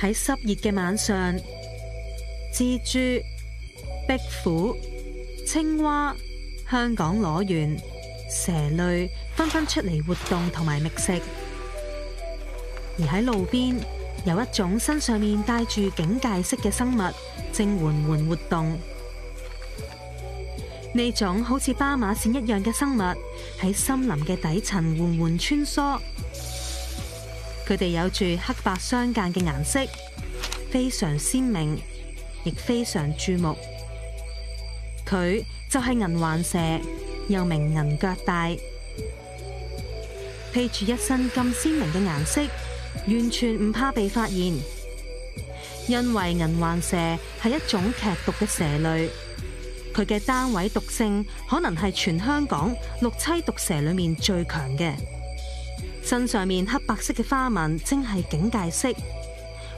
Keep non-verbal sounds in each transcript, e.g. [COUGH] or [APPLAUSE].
喺濕熱嘅晚上，蜘蛛、壁虎、青蛙、香港瘰螈、蛇類紛紛出嚟活動同埋覓食，而喺路邊有一種身上面帶住警戒色嘅生物，正緩緩活動。呢種好似斑馬線一樣嘅生物喺森林嘅底層緩緩穿梭。佢哋有住黑白相間嘅顏色，非常鮮明，亦非常注目。佢就係銀環蛇，又名銀腳帶，披住一身咁鮮明嘅顏色，完全唔怕被發現。因為銀環蛇係一種劇毒嘅蛇類，佢嘅單位毒性可能係全香港陸棲毒蛇裏面最強嘅。身上面黑白色嘅花紋，正係警戒色，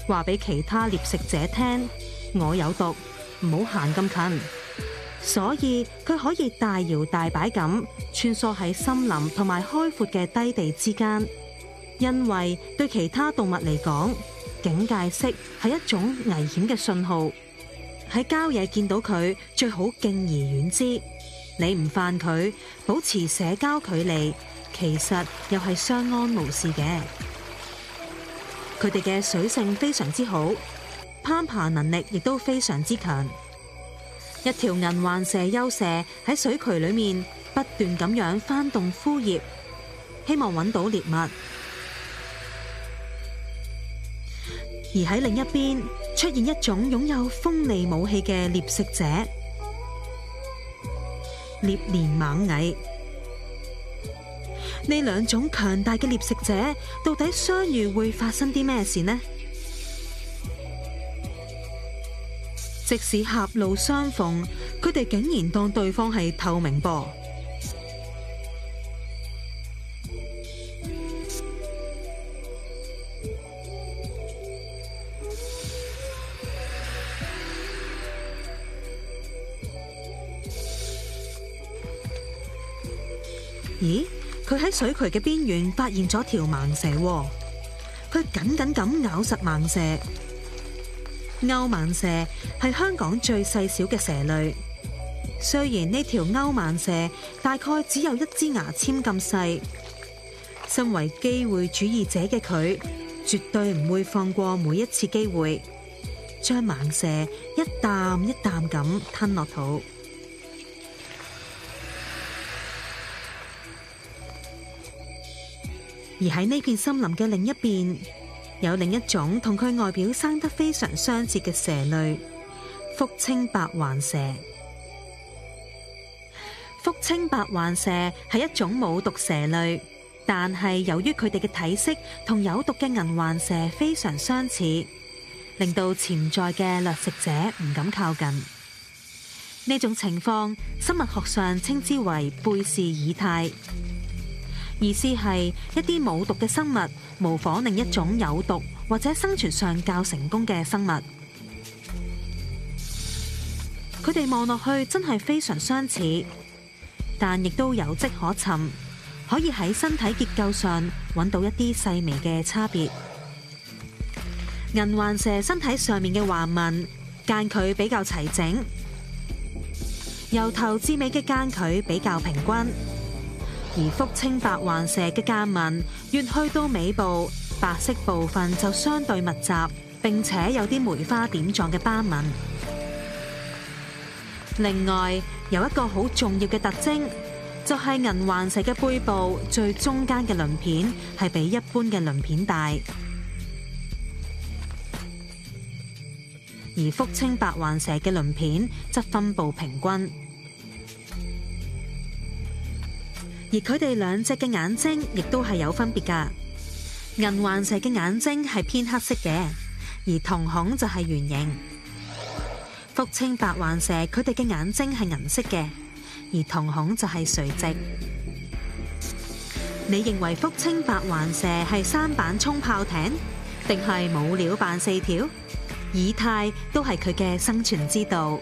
話俾其他獵食者聽：我有毒，唔好行咁近。所以佢可以大搖大擺咁穿梭喺森林同埋開闊嘅低地之間，因為對其他動物嚟講，警戒色係一種危險嘅信號。喺郊野見到佢，最好敬而遠之。你唔犯佢，保持社交距離。其實又係相安無事嘅，佢哋嘅水性非常之好，攀爬能力亦都非常之強。一條銀環蛇、幽蛇喺水渠裏面不斷咁樣翻動枯葉，希望搵到獵物。而喺另一邊出現一種擁有鋒利武器嘅獵食者——獵鐮猛蟻。呢兩種強大嘅獵食者，到底相遇會發生啲咩事呢？ [NOISE] 即使狹路相逢，佢哋竟然當對方係透明噃。 [NOISE] 咦？佢喺水渠嘅邊緣發現咗條盲蛇，佢緊緊咁咬實盲蛇。鈎盲蛇係香港最細小嘅蛇類，雖然呢條鈎盲蛇大概只有一支牙籤咁細，身為機會主義者嘅佢，絕對唔會放過每一次機會，將盲蛇一啖一啖咁吞落肚。而喺呢片森林嘅另一邊，有另一種同佢外表生得非常相似嘅蛇類——福清白環蛇。福清白環蛇係一種冇毒蛇類，但係由於佢哋嘅體色同有毒嘅銀環蛇非常相似，令到潛在嘅掠食者唔敢靠近。呢種情況，生物學上稱之為貝氏擬態。意思係一啲冇毒嘅生物，模仿另一種有毒或者生存上較成功嘅生物。佢哋望落去真係非常相似，但亦都有跡可尋，可以喺身體結構上揾到一啲細微嘅差別。銀環蛇身體上面嘅環紋間距比較齊整，由頭至尾嘅間距比較平均。而福清白環蛇嘅間紋越去到尾部，白色部分就相對密集，並且有啲梅花點狀嘅斑紋。另外，有一個好重要嘅特徵，就係銀環蛇嘅背部最中間嘅鱗片係比一般嘅鱗片大，而福清白環蛇嘅鱗片則分布平均。而佢哋兩隻嘅眼睛亦都係有分別㗎，銀環蛇嘅眼睛係偏黑色嘅，而瞳孔就係圓形。福清白環蛇佢哋嘅眼睛係銀色嘅，而瞳孔就係垂直。 [NOISE] 你認為福清白環蛇係舢舨充炮艇，定係冇料扮四條？以太都係佢嘅生存之道。